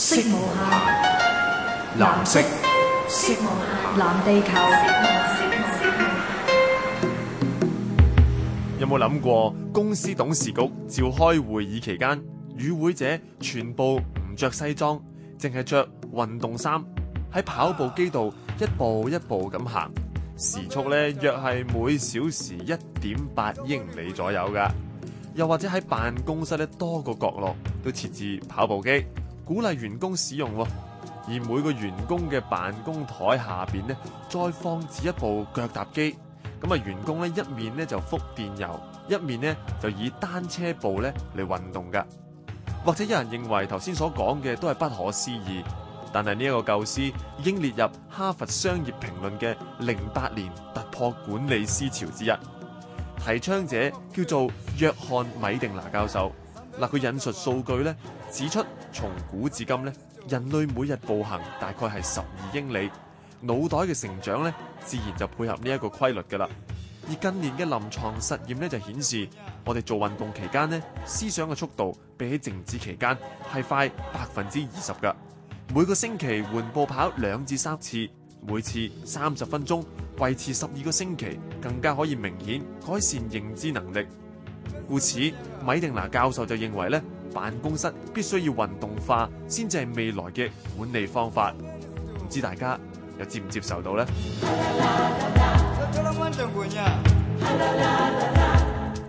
色無限，藍色，色無限，藍地球。地球有冇諗過公司董事局召開會議期間，與會者全部唔着西裝，淨係着運動衫喺跑步機度一步一步咁行，時速呢約係每小時一點八英里左右㗎。又或者喺辦公室呢多個角落都設置跑步機。鼓勵員工使用，而每個員工嘅辦公台下邊呢，再放置一部腳踏機，咁啊員工一面呢，就覆電郵，一面呢，就以單車步呢嚟運動噶。或者有人認為頭先所講嘅都係不可思議，但係呢一個構思已經列入哈佛商業評論嘅零八年突破管理思潮之一，提倡者叫做約翰米定拿教授。嗱，佢引述數據咧，指出從古至今咧，人類每日步行大概係十二英里，腦袋嘅成長咧，自然就配合呢一個規律噶啦。而近年嘅臨床實驗咧，就顯示我哋做運動期間思想嘅速度比起靜止期間係快百分之二十噶。每個星期緩步跑兩至三次，每次三十分鐘，維持十二個星期，更加可以明顯改善認知能力。故此，米定拿教授就認為咧，辦公室必須要運動化，先至係未來嘅管理方法。唔知大家又接唔接受到咧？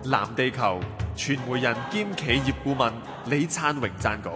藍地球傳媒人兼企業顧問李燦榮撰稿。